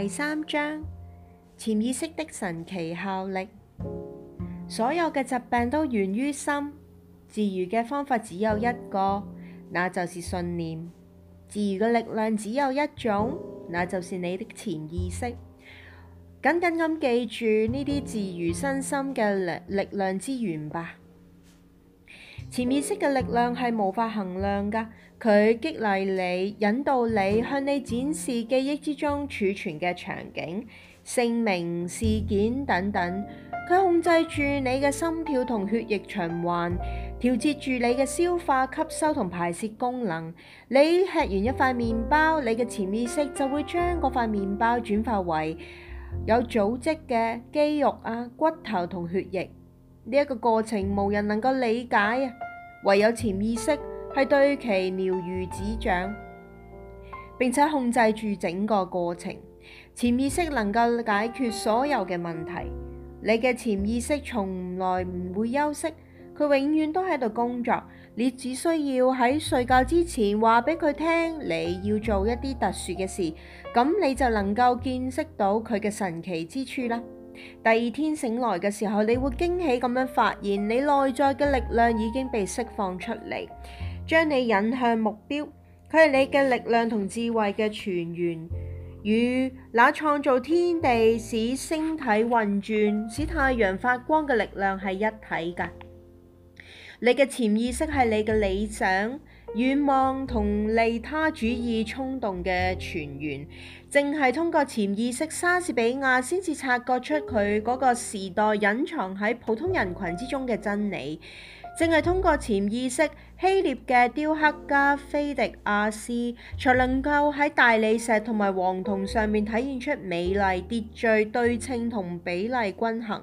第三章：潛意識的神奇效力。所有嘅疾病都源於心，治愈嘅方法只有一個，那就是信念。治愈嘅力量只有一種，那就是你的潛意識。緊緊咁記住呢啲治愈身心嘅力力量之源吧。潛意識嘅力量係無法衡量噶。佢激勵你，引導你，向你展示記憶之中儲存嘅場景、姓名、事件等等。佢控制住你嘅心跳同血液循環，調節住你嘅消化、吸收同排泄功能。你吃完一塊麵包，你嘅潛意識就會將嗰塊麵包轉化為有組織嘅肌肉啊、骨頭同血液。呢、這、一個過程無人能夠理解，唯有潛意識。係對其了如指掌，並且控制住整個過程。潛意識能夠解決所有嘅問題。你嘅潛意識從來唔會休息，佢永遠都喺度工作。你只需要喺睡覺之前話俾佢聽，你要做一啲特殊嘅事，咁你就能夠見識到佢嘅神奇之處啦。第二天醒來嘅時候，你會驚喜咁樣發現，你內在嘅力量已經被釋放出嚟，將你引向目標，佢係你嘅力量同智慧嘅泉源，與那創造天地、使星體運轉、使太陽發光嘅力量係一體嘅。你嘅潛意識係你嘅理想、願望同利他主義衝動嘅泉源，正係通過潛意識，莎士比亞先至察覺出佢嗰個時代隱藏喺普通人群之中嘅真理。正係通過潛意識，希臘嘅雕刻家菲迪亞斯才能夠喺大理石同埋黃銅上面體現出美麗、秩序、對稱同比例均衡。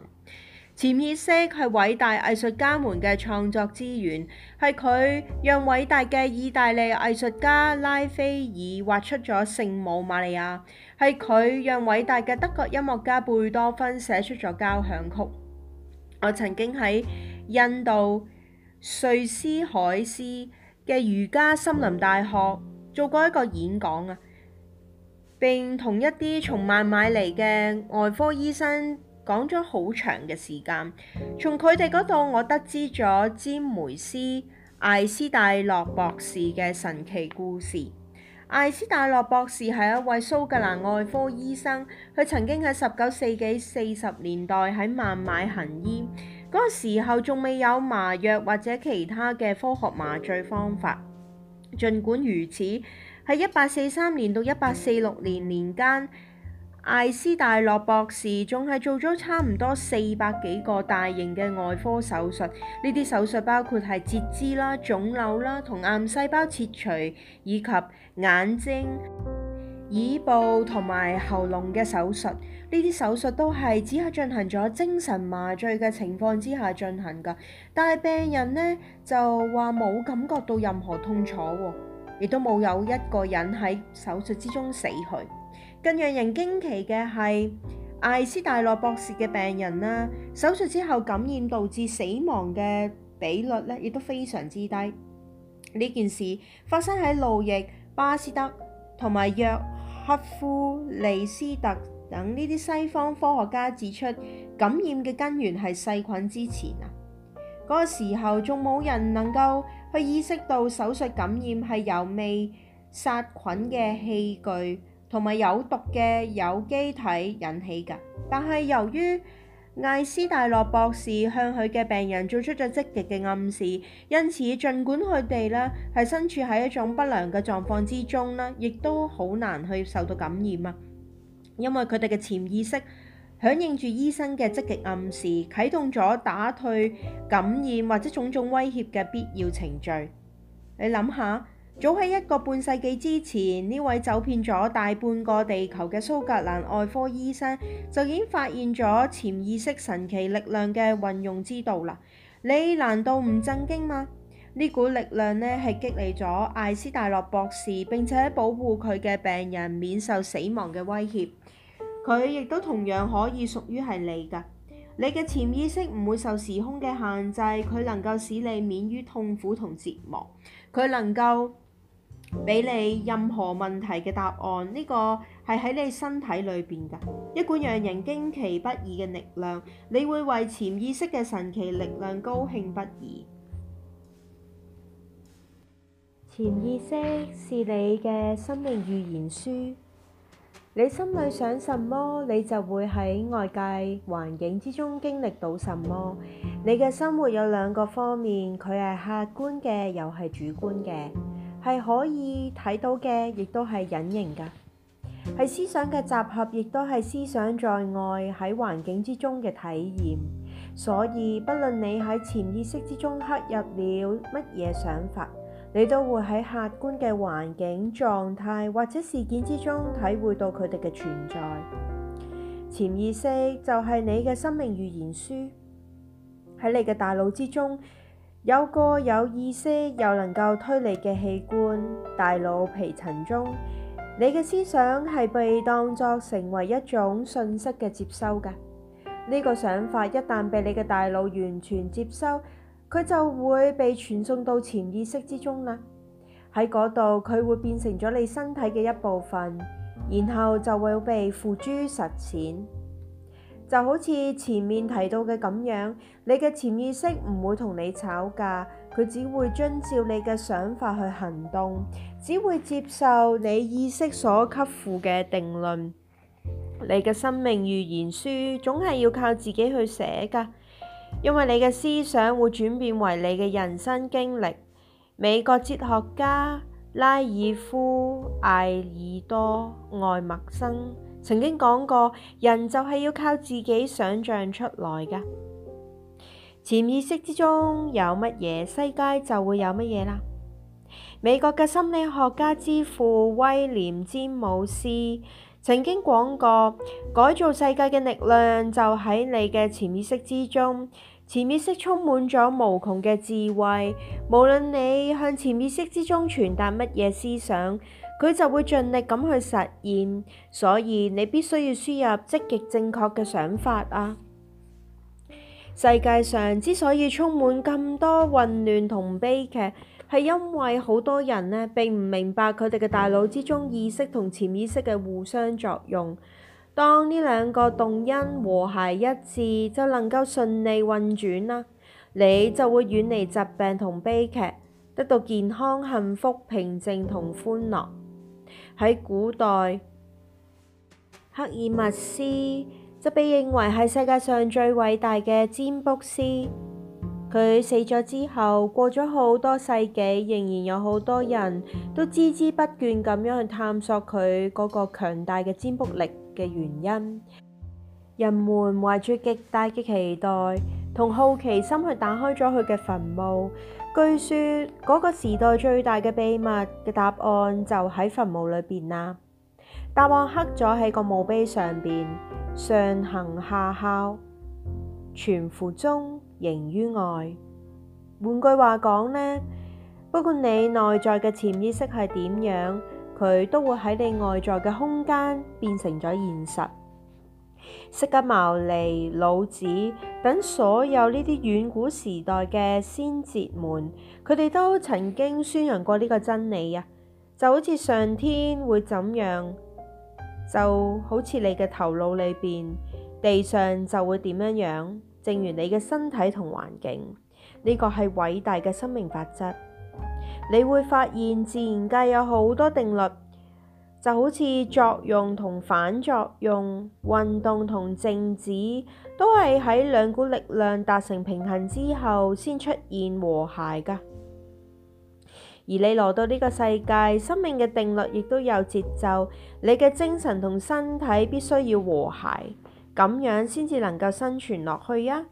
潛意識係偉大藝術家們嘅創作資源，係佢讓偉大嘅意大利藝術家拉斐爾畫出咗聖母瑪利亞，係佢讓偉大嘅德國音樂家貝多芬寫出咗交響曲。我曾經喺印度瑞斯海斯嘅瑜伽森林大學做過一個演講啊，並同一啲從孟買嚟嘅外科醫生講咗好長嘅時間。從佢哋嗰度，我得知咗詹梅斯艾斯戴洛博士嘅神奇故事。艾斯戴洛博士係一位蘇格蘭外科醫生，佢曾經喺十九世紀四十年代喺孟買行醫。嗰個時候仲未有麻藥或者其他嘅科學麻醉方法，儘管如此，喺一八四三年到一八四六年年間，艾斯大洛博士仲係做咗差唔多四百幾個大型嘅外科手術。呢啲手術包括係截肢啦、腫瘤啦、同癌細胞切除，以及眼睛、耳部同埋喉嚨嘅手術。呢啲手術都係只係進行咗精神麻醉嘅情況之下進行㗎，但係病人呢，就話冇感覺到任何痛楚，亦都冇有一個人喺手術之中死去。更讓人驚奇嘅係艾斯大洛博士嘅病人啦，手術之後感染導致死亡嘅比率呢，亦都非常之低。呢件事發生喺路易巴斯德同埋約克夫利斯特，等呢啲西方科學家指出感染嘅根源係細菌之前啊，嗰個時候仲冇人能夠去意識到手術感染係由未殺菌嘅器具同埋有毒嘅有機體引起㗎。但係由於艾斯大洛博士向佢嘅病人做出咗積極嘅暗示，因此儘管佢哋呢係身處喺一種不良嘅狀況之中呢亦都好難去受到感染啊。因為佢哋嘅潛意識響應住醫生嘅積極暗示，啟動咗打退感染或者種種威脅嘅必要程序。你諗下，早喺一個半世紀之前，呢位走遍咗大半個地球嘅蘇格蘭外科醫生就已經發現咗潛意識神奇力量嘅運用之道啦。你難道唔震驚嗎？呢股力量呢，係激勵咗艾斯大洛博士，並且保護佢嘅病人免受死亡嘅威脅。佢亦都同樣可以屬於係你噶。你嘅潛意識唔會受時空嘅限制，佢能夠使你免於痛苦同折磨，佢能夠俾你任何問題嘅答案。呢個係喺你身體裏邊噶一股讓人驚奇不已嘅力量。你會為潛意識嘅神奇力量高興不已。潛意識是你嘅生命預言書，你心裏想什麼，你就會喺外界環境之中經歷到什麼。你嘅生活有兩個方面，佢係客觀嘅，又係主觀嘅，係可以睇到嘅，亦都係隱形㗎，係思想嘅集合，亦都係思想在外喺環境之中嘅體驗。所以不論你喺潛意識之中刻入了乜嘢想法。你都會喺客觀嘅環境、狀態或者事件之中體會到佢哋嘅存在。潛意識就係你嘅生命預言書，喺你嘅大腦之中有個有意識又能夠推理嘅器官——大腦皮層中，你嘅思想係被當作成為一種信息嘅接收嘅。呢、這個想法一旦被你嘅大腦完全接收。佢就會被傳送到潛意識之中啦，喺嗰度佢會變成咗你身體嘅一部分，然後就會被付諸實踐。就好似前面提到嘅咁樣，你嘅潛意識唔會同你吵架，佢只會遵照你嘅想法去行動，只會接受你意識所給付嘅定論。你嘅生命預言書總係要靠自己去寫㗎。因為你嘅思想會轉變為你嘅人生經歷。美國哲學家拉爾夫艾爾多愛默生曾經講過：「人就係要靠自己想像出來嘅。」潛意識之中有乜嘢，世界就會有乜嘢啦。美國嘅心理學家之父威廉詹姆斯曾經講過：「改造世界嘅力量就喺你嘅潛意識之中。」潛意識充滿咗無窮嘅智慧，無論你向潛意識之中傳達乜嘢思想，佢就會盡力咁去實現。所以你必須要輸入積極正確嘅想法啊！世界上之所以充滿咁多混亂同悲劇，係因為好多人呢並唔明白佢哋嘅大腦之中意識同潛意識嘅互相作用。當呢兩個動因和諧一致，就能夠順利運轉啦。你就會遠離疾病同悲劇，得到健康、幸福、平靜同歡樂。喺古代，克爾密斯就被認為係世界上最偉大嘅占卜師。佢死咗之後，過咗好多世紀，仍然有好多人都孜孜不倦咁樣去探索佢嗰個強大嘅占卜力。嘅原因，人們懷住極大嘅期待同好奇心去打開咗佢嘅墳墓。據說嗰、那個時代最大嘅秘密嘅答案就喺墳墓裏邊啦。答案刻咗喺個墓碑上邊：上行下效，全乎中，形於外。換句話講呢，不管你內在嘅潛意識係點樣。佢都會喺你外在嘅空間變成咗現實。釋迦牟尼、老子等所有呢啲遠古時代嘅先哲們，佢哋都曾經宣揚過呢個真理啊！就好似上天會怎樣，就好似你嘅頭腦裏邊，地上就會點樣樣。正如你嘅身體同環境，呢、這個係偉大嘅生命法則。你會發現自然界有好多定律，就好似作用同反作用、運動同靜止，都係喺兩股力量達成平衡之後先出現和諧噶。而你來到呢個世界，生命嘅定律亦都有節奏，你嘅精神同身體必須要和諧，咁樣先至能夠生存落去啊！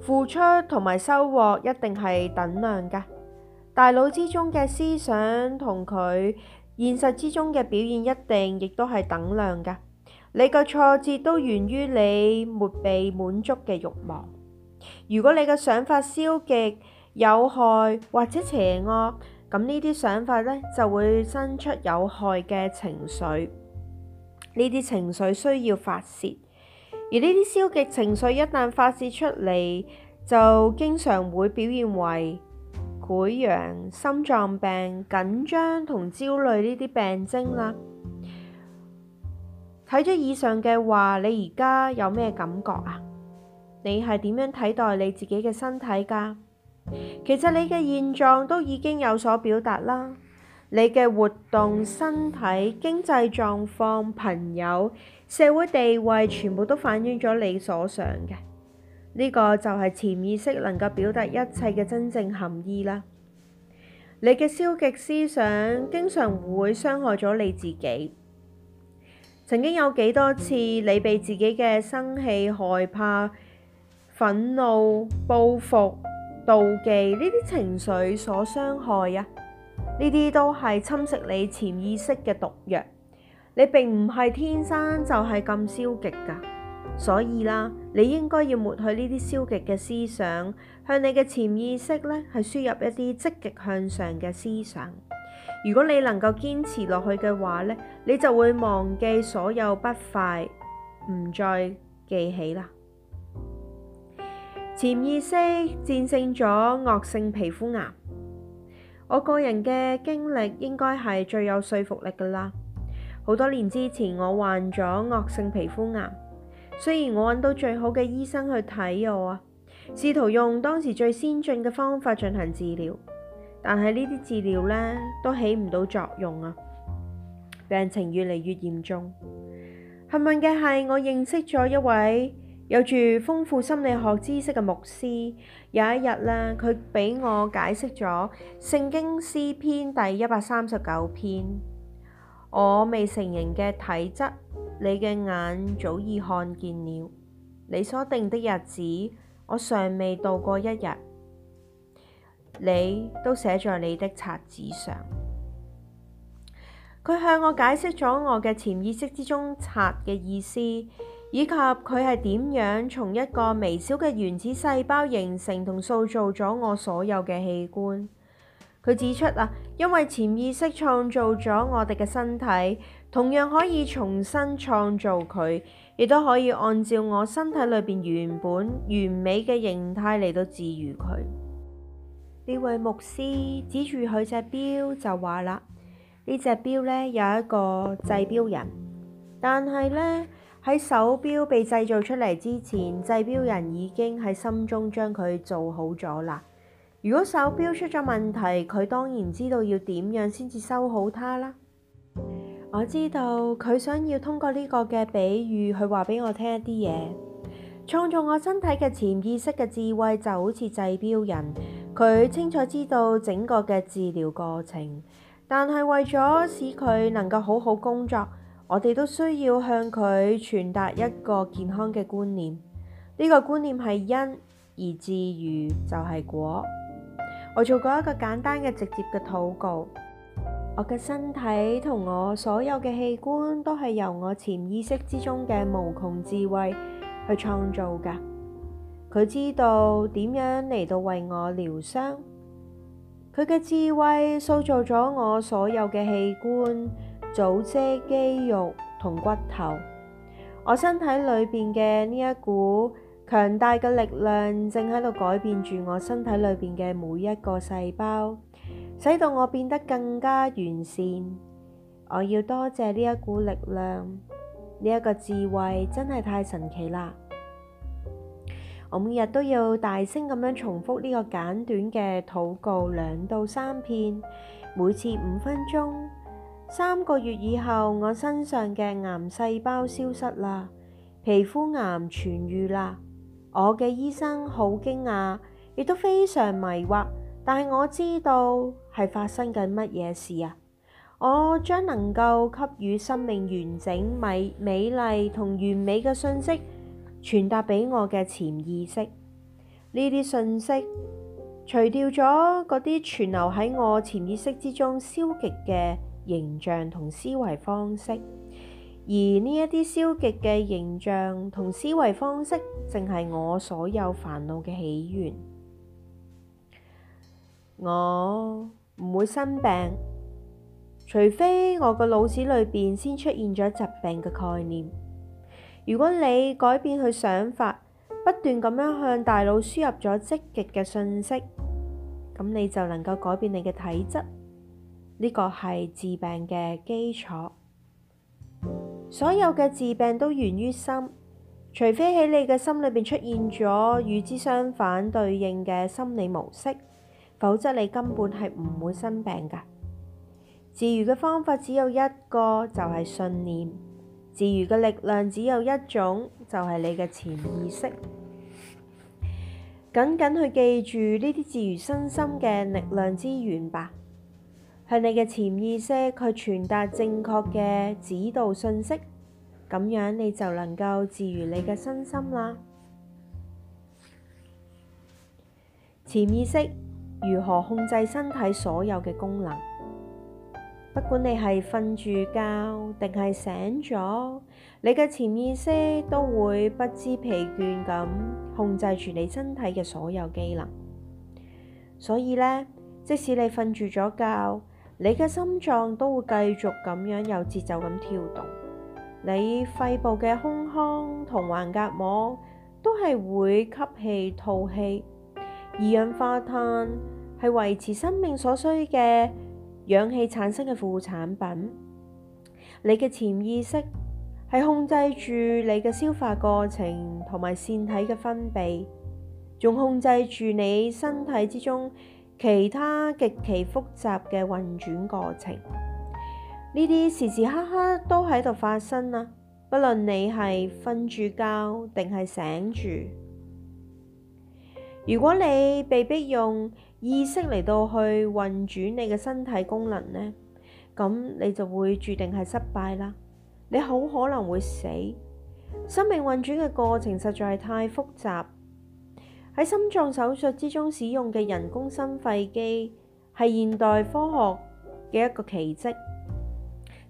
付出同埋收穫一定係等量噶。大腦之中嘅思想同佢現實之中嘅表現一定亦都係等量噶。你嘅挫折都源於你沒被滿足嘅慾望。如果你嘅想法消極、有害或者邪惡，咁呢啲想法呢就會生出有害嘅情緒。呢啲情緒需要發泄，而呢啲消極情緒一旦發泄出嚟，就經常會表現為。潰瘍、心臟病、緊張同焦慮呢啲病徵啦。睇咗以上嘅話，你而家有咩感覺啊？你係點樣睇待你自己嘅身體㗎？其實你嘅現狀都已經有所表達啦。你嘅活動、身體、經濟狀況、朋友、社會地位，全部都反映咗你所想嘅。呢個就係潛意識能夠表達一切嘅真正含義啦。你嘅消極思想經常會傷害咗你自己。曾經有幾多次你被自己嘅生氣、害怕、憤怒、報復、妒忌呢啲情緒所傷害啊。呢啲都係侵蝕你潛意識嘅毒藥。你並唔係天生就係咁消極㗎，所以啦。你應該要抹去呢啲消極嘅思想，向你嘅潛意識呢係輸入一啲積極向上嘅思想。如果你能夠堅持落去嘅話呢，你就會忘記所有不快，唔再記起啦。潛意識戰勝咗惡性皮膚癌，我個人嘅經歷應該係最有說服力噶啦。好多年之前，我患咗惡性皮膚癌。雖然我揾到最好嘅醫生去睇我啊，試圖用當時最先進嘅方法進行治療，但係呢啲治療呢都起唔到作用啊，病情越嚟越嚴重。幸運嘅係，我認識咗一位有住豐富心理學知識嘅牧師。有一日呢，佢俾我解釋咗《聖經詩篇》第一百三十九篇。我未成形嘅體質。你嘅眼早已看見了你所定的日子，我尚未度過一日，你都寫在你的冊子上。佢向我解釋咗我嘅潛意識之中冊嘅意思，以及佢係點樣從一個微小嘅原子細胞形成同塑造咗我所有嘅器官。佢指出啊，因為潛意識創造咗我哋嘅身體，同樣可以重新創造佢，亦都可以按照我身體裏邊原本完美嘅形態嚟到治癒佢。呢位牧師指住佢隻表就話啦，這個、標呢隻表咧有一個製錶人，但係呢，喺手表被製造出嚟之前，製錶人已經喺心中將佢做好咗啦。如果手表出咗問題，佢當然知道要點樣先至修好它啦。我知道佢想要通過呢個嘅比喻，去話俾我聽一啲嘢。創造我身體嘅潛意識嘅智慧就好似製表人，佢清楚知道整個嘅治療過程，但係為咗使佢能夠好好工作，我哋都需要向佢傳達一個健康嘅觀念。呢、這個觀念係因，而治癒就係果。我做過一個簡單嘅直接嘅禱告，我嘅身體同我所有嘅器官都係由我潛意識之中嘅無窮智慧去創造㗎。佢知道點樣嚟到為我療傷，佢嘅智慧塑造咗我所有嘅器官、組織、肌肉同骨頭。我身體裏邊嘅呢一股。強大嘅力量正喺度改變住我身體裏邊嘅每一個細胞，使到我變得更加完善。我要多謝呢一股力量，呢一個智慧真係太神奇啦！我每日都要大聲咁樣重複呢個簡短嘅禱告兩到三遍，每次五分鐘。三個月以後，我身上嘅癌細胞消失啦，皮膚癌痊癒啦。我嘅醫生好驚訝，亦都非常迷惑，但係我知道係發生緊乜嘢事啊！我將能夠給予生命完整、美美麗同完美嘅信息，傳達俾我嘅潛意識。呢啲信息除掉咗嗰啲存留喺我潛意識之中消極嘅形象同思維方式。而呢一啲消極嘅形象同思維方式，正係我所有煩惱嘅起源。我唔會生病，除非我個腦子裏邊先出現咗疾病嘅概念。如果你改變佢想法，不斷咁樣向大腦輸入咗積極嘅信息，咁你就能夠改變你嘅體質。呢個係治病嘅基礎。所有嘅治病都源於心，除非喺你嘅心裏邊出現咗與之相反對應嘅心理模式，否則你根本係唔會生病噶。治愈嘅方法只有一個，就係信念；治愈嘅力量只有一種，就係你嘅潛意識。緊緊去記住呢啲治愈身心嘅力量資源吧。係你嘅潛意識，去傳達正確嘅指導信息，咁樣你就能夠自愈你嘅身心啦。潛意識如何控制身體所有嘅功能？不管你係瞓住覺定係醒咗，你嘅潛意識都會不知疲倦咁控制住你身體嘅所有機能。所以呢，即使你瞓住咗覺。你嘅心臟都會繼續咁樣有節奏咁跳動，你肺部嘅胸腔同橫膈膜都係會吸氣、吐氣。二氧化碳係維持生命所需嘅氧氣產生嘅副產品。你嘅潛意識係控制住你嘅消化過程同埋腺體嘅分泌，仲控制住你身體之中，其他極其複雜嘅運轉過程，呢啲時時刻刻都喺度發生啦、啊。不論你係瞓住覺定係醒住，如果你被逼用意識嚟到去運轉你嘅身體功能呢，咁你就會注定係失敗啦。你好可能會死。生命運轉嘅過程實在係太複雜。喺心臟手術之中使用嘅人工心肺機係現代科學嘅一個奇蹟，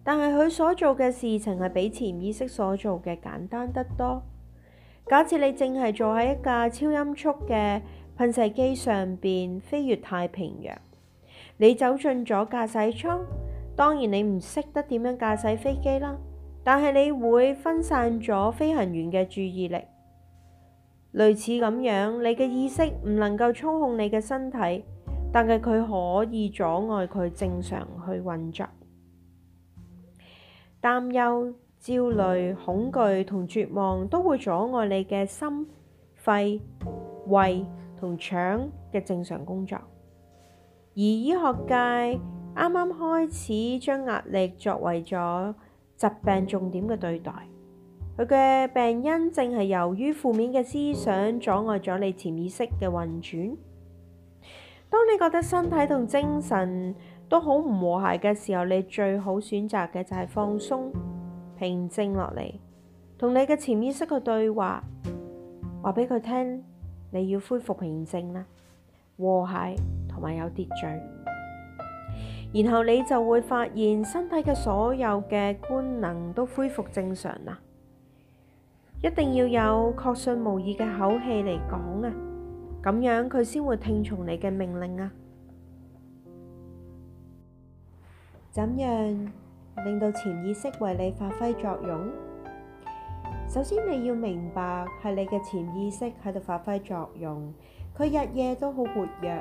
但係佢所做嘅事情係比潛意識所做嘅簡單得多。假設你淨係坐喺一架超音速嘅噴射機上邊飛越太平洋，你走進咗駕駛艙，當然你唔識得點樣駕駛飛機啦，但係你會分散咗飛行員嘅注意力。類似咁樣，你嘅意識唔能夠操控你嘅身體，但係佢可以阻礙佢正常去運作。擔憂、焦慮、恐懼同絕望都會阻礙你嘅心、肺、胃同腸嘅正常工作。而醫學界啱啱開始將壓力作為咗疾病重點嘅對待。佢嘅病因正係由於負面嘅思想阻礙咗你潛意識嘅運轉。當你覺得身體同精神都好唔和諧嘅時候，你最好選擇嘅就係放鬆、平靜落嚟，同你嘅潛意識嘅對話，話俾佢聽，你要恢復平靜啦、和諧同埋有秩序。然後你就會發現身體嘅所有嘅官能都恢復正常啦。一定要有確信無疑嘅口氣嚟講啊，咁樣佢先會聽從你嘅命令啊。怎樣令到潛意識為你發揮作用？首先你要明白係你嘅潛意識喺度發揮作用，佢日夜都好活躍，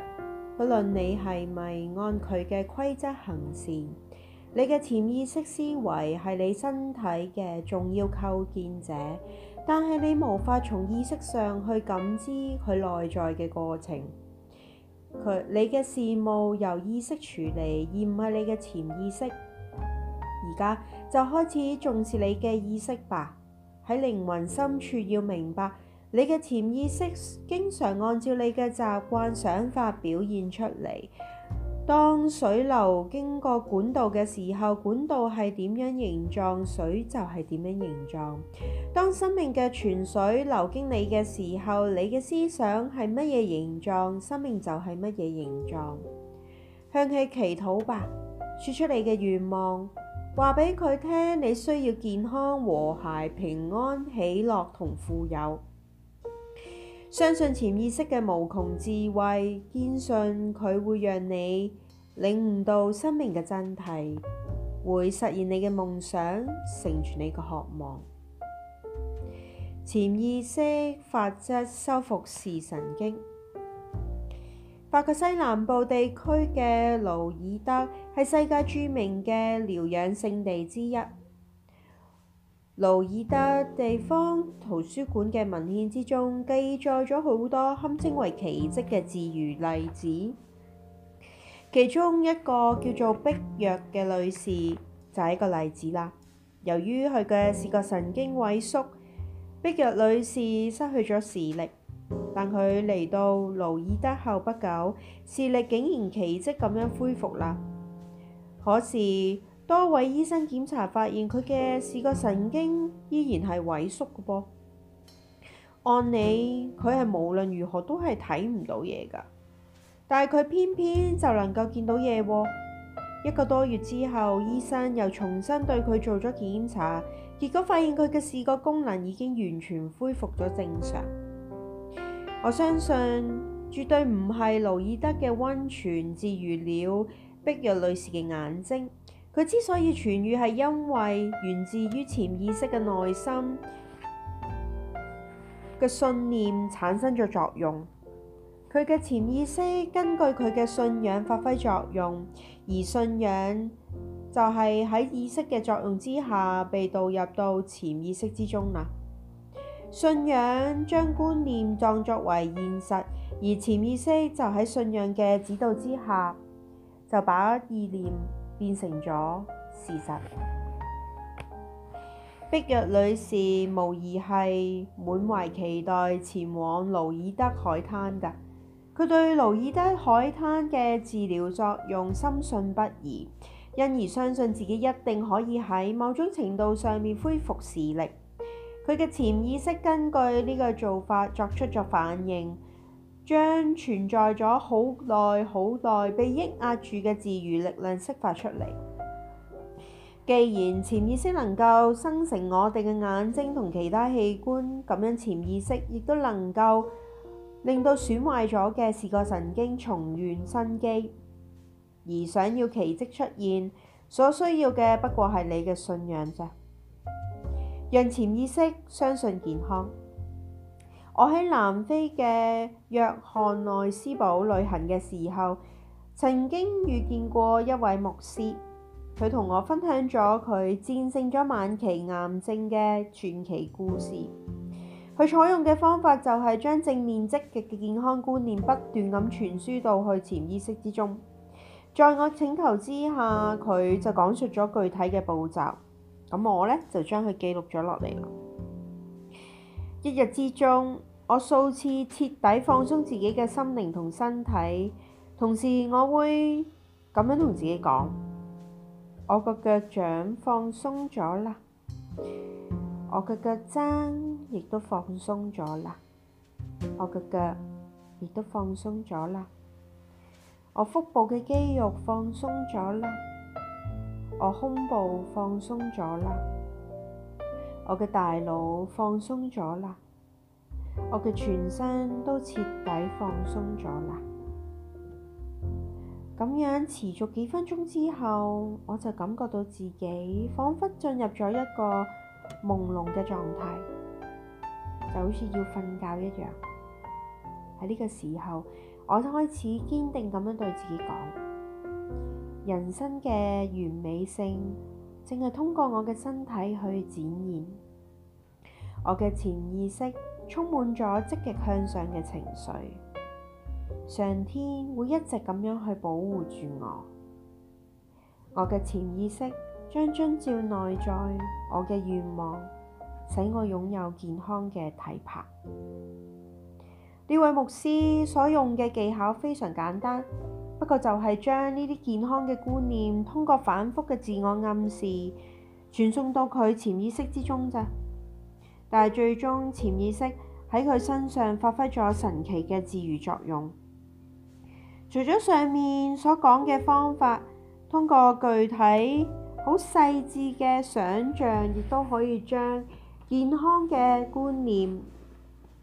不論你係咪按佢嘅規則行事。你嘅潛意識思維係你身體嘅重要構建者。但係你無法從意識上去感知佢內在嘅過程，佢你嘅事務由意識處理，而唔係你嘅潛意識。而家就開始重視你嘅意識吧，喺靈魂深處要明白，你嘅潛意識經常按照你嘅習慣、想法表現出嚟。當水流經過管道嘅時候，管道係點樣形狀，水就係點樣形狀。當生命嘅泉水流經你嘅時候，你嘅思想係乜嘢形狀，生命就係乜嘢形狀。向佢祈禱吧，說出你嘅願望，話俾佢聽，你需要健康、和諧、平安、喜樂同富有。相信潛意識嘅無窮智慧，堅信佢會讓你領悟到生命嘅真諦，會實現你嘅夢想，成全你嘅渴望。潛意識法則修復視神經。法國西南部地區嘅盧爾德係世界著名嘅療養聖地之一。路易德地方圖書館嘅文獻之中，記載咗好多堪稱為奇蹟嘅治癒例子。其中一個叫做碧若嘅女士就係、是、一個例子啦。由於佢嘅視覺神經萎縮，碧若女士失去咗視力，但佢嚟到路易德後不久，視力竟然奇蹟咁樣恢復啦。可是，多位醫生檢查發現，佢嘅視覺神經依然係萎縮嘅噃。按理佢係無論如何都係睇唔到嘢噶，但係佢偏偏就能夠見到嘢喎。一個多月之後，醫生又重新對佢做咗檢查，結果發現佢嘅視覺功能已經完全恢復咗正常。我相信絕對唔係勞爾德嘅温泉治愈了碧若女士嘅眼睛。佢之所以痊愈，係因為源自於潛意識嘅內心嘅信念產生咗作用。佢嘅潛意識根據佢嘅信仰發揮作用，而信仰就係喺意識嘅作用之下被導入到潛意識之中啦。信仰將觀念當作為現實，而潛意識就喺信仰嘅指導之下，就把意念變成咗事實。碧若女士無疑係滿懷期待前往盧爾德海灘㗎。佢對盧爾德海灘嘅治療作用深信不疑，因而相信自己一定可以喺某種程度上面恢復視力。佢嘅潛意識根據呢個做法作出咗反應。將存在咗好耐、好耐被抑壓住嘅自愈力量釋發出嚟。既然潛意識能夠生成我哋嘅眼睛同其他器官咁樣，潛意識亦都能夠令到損壞咗嘅視覺神經重現生機。而想要奇蹟出現，所需要嘅不過係你嘅信仰啫。讓潛意識相信健康。我喺南非嘅約翰內斯堡旅行嘅時候，曾經遇見過一位牧師，佢同我分享咗佢戰勝咗晚期癌症嘅傳奇故事。佢採用嘅方法就係將正面積極嘅健康觀念不斷咁傳輸到去潛意識之中。在我請求之下，佢就講述咗具體嘅步驟。咁我呢，就將佢記錄咗落嚟啦。一日之中，我數次徹底放鬆自己嘅心靈同身體，同時我會咁樣同自己講：我個腳掌放鬆咗啦，我個腳踭亦都放鬆咗啦，我嘅腳亦都放鬆咗啦，我腹部嘅肌肉放鬆咗啦，我胸部放鬆咗啦，我嘅大腦放鬆咗啦。我嘅全身都徹底放鬆咗啦，咁樣持續幾分鐘之後，我就感覺到自己彷彿進入咗一個朦朧嘅狀態，就好似要瞓覺一樣。喺呢個時候，我就開始堅定咁樣對自己講：人生嘅完美性淨係通過我嘅身體去展現，我嘅潛意識，充滿咗積極向上嘅情緒，上天會一直咁樣去保護住我。我嘅潛意識將遵照內在我嘅願望，使我擁有健康嘅體魄。呢 位牧師所用嘅技巧非常簡單，不過就係將呢啲健康嘅觀念，通過反覆嘅自我暗示，傳送到佢潛意識之中咋。但係最終潛意識喺佢身上發揮咗神奇嘅治愈作用。除咗上面所講嘅方法，通過具體好細緻嘅想像，亦都可以將健康嘅觀念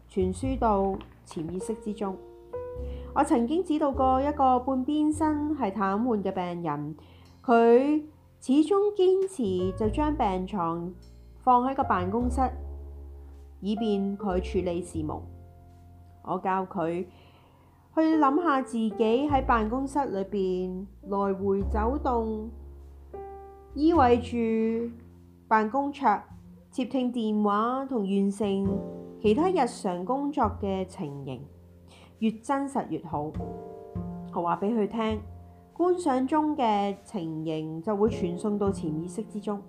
傳輸到潛意識之中。我曾經指導過一個半邊身係癱瘓嘅病人，佢始終堅持就將病床放喺個辦公室。以便佢處理事務，我教佢去諗下自己喺辦公室裏邊來回走動，依偎住辦公桌，接聽電話同完成其他日常工作嘅情形，越真實越好。我話俾佢聽，觀想中嘅情形就會傳送到潛意識之中。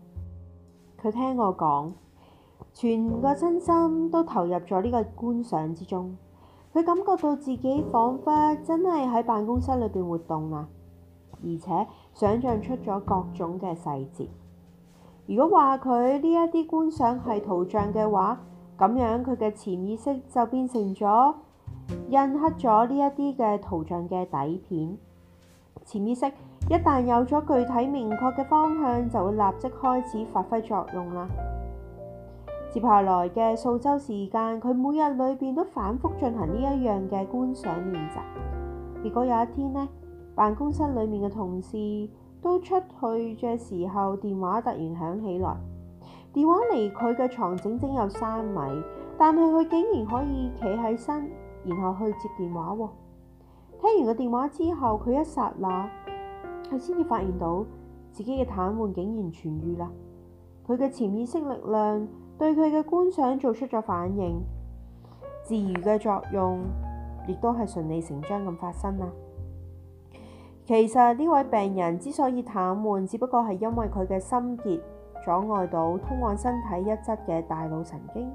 佢聽我講。全個身心都投入咗呢個觀賞之中，佢感覺到自己彷彿真係喺辦公室裏邊活動啦，而且想像出咗各種嘅細節。如果話佢呢一啲觀賞係圖像嘅話，咁樣佢嘅潛意識就變成咗印刻咗呢一啲嘅圖像嘅底片。潛意識一旦有咗具體明確嘅方向，就會立即開始發揮作用啦。接下來嘅數週時間，佢每日裏面都反覆進行呢一樣嘅觀想練習。結果有一天呢，辦公室裏面嘅同事都出去嘅時候，電話突然響起來。電話離佢嘅床整整有三米，但係佢竟然可以企起身，然後去接電話，哦。聽完個電話之後，佢一剎那，佢先至發現到自己嘅癱瘓竟然痊愈啦。佢嘅潛意識力量。對佢嘅觀想做出咗反應，治癒嘅作用亦都係順理成章咁發生啦。其實呢位病人之所以癱瘓，只不過係因為佢嘅心結阻礙到通往身體一側嘅大腦神經。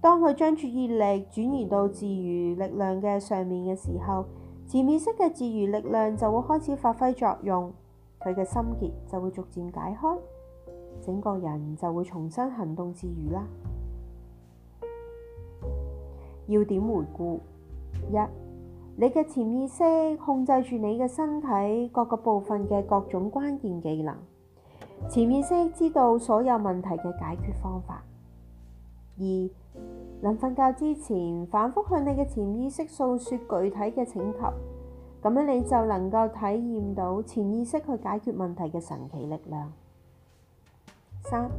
當佢將注意力轉移到自癒力量嘅上面嘅時候，潛意識嘅自癒力量就會開始發揮作用，佢嘅心結就會逐漸解開。整個人就會重新行動自如啦。要點回顧：一、你嘅潛意識控制住你嘅身體各個部分嘅各種關鍵技能，潛意識知道所有問題嘅解決方法。二、臨瞓覺之前，反覆向你嘅潛意識訴說具體嘅請求，咁樣你就能夠體驗到潛意識去解決問題嘅神奇力量。三、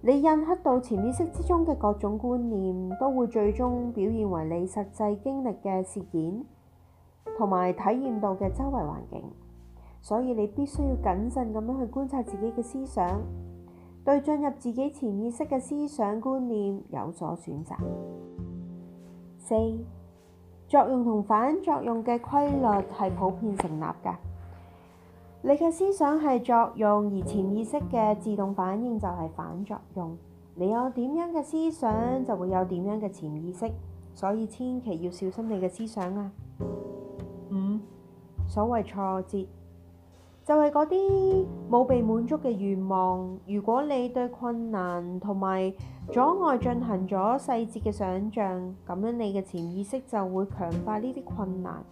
你印刻到潛意識之中嘅各種觀念，都會最終表現為你實際經歷嘅事件，同埋體驗到嘅周圍環境。所以你必須要謹慎咁樣去觀察自己嘅思想，對進入自己潛意識嘅思想觀念有所選擇。四、作用同反作用嘅規律係普遍成立㗎。你嘅思想係作用，而潛意識嘅自動反應就係反作用。你有點樣嘅思想，就會有點樣嘅潛意識，所以千祈要小心你嘅思想啊！五、嗯、所謂挫折，就係嗰啲冇被滿足嘅願望。如果你對困難同埋阻礙進行咗細節嘅想像，咁樣你嘅潛意識就會強化呢啲困難，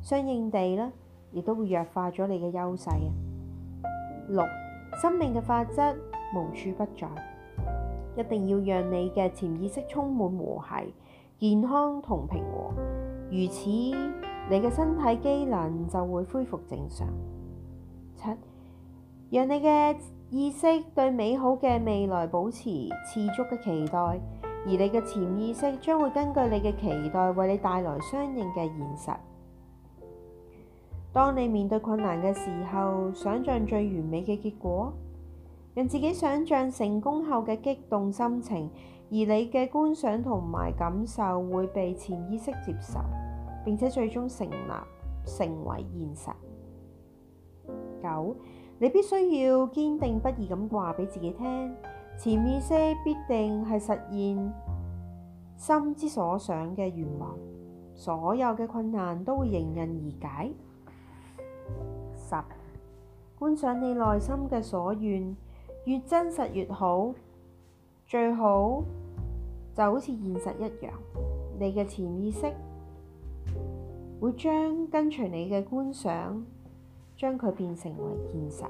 相應地呢，亦都會弱化咗你嘅優勢。六，生命嘅法則無處不在，一定要讓你嘅潛意識充滿和諧、健康同平和，如此你嘅身體機能就會恢復正常。七，讓你嘅意識對美好嘅未來保持持續嘅期待，而你嘅潛意識將會根據你嘅期待為你帶來相應嘅現實。當你面對困難嘅時候，想象最完美嘅結果，讓自己想象成功後嘅激動心情，而你嘅觀想同埋感受會被潛意識接受，並且最終成立，成為現實。九，你必須要堅定不移咁話俾自己聽，潛意識必定係實現心之所想嘅願望，所有嘅困難都會迎刃而解。十，觀賞你內心嘅所願，越真實越好，最好就好似現實一樣，你嘅潛意識會將跟隨你嘅觀賞，將佢變成為現實。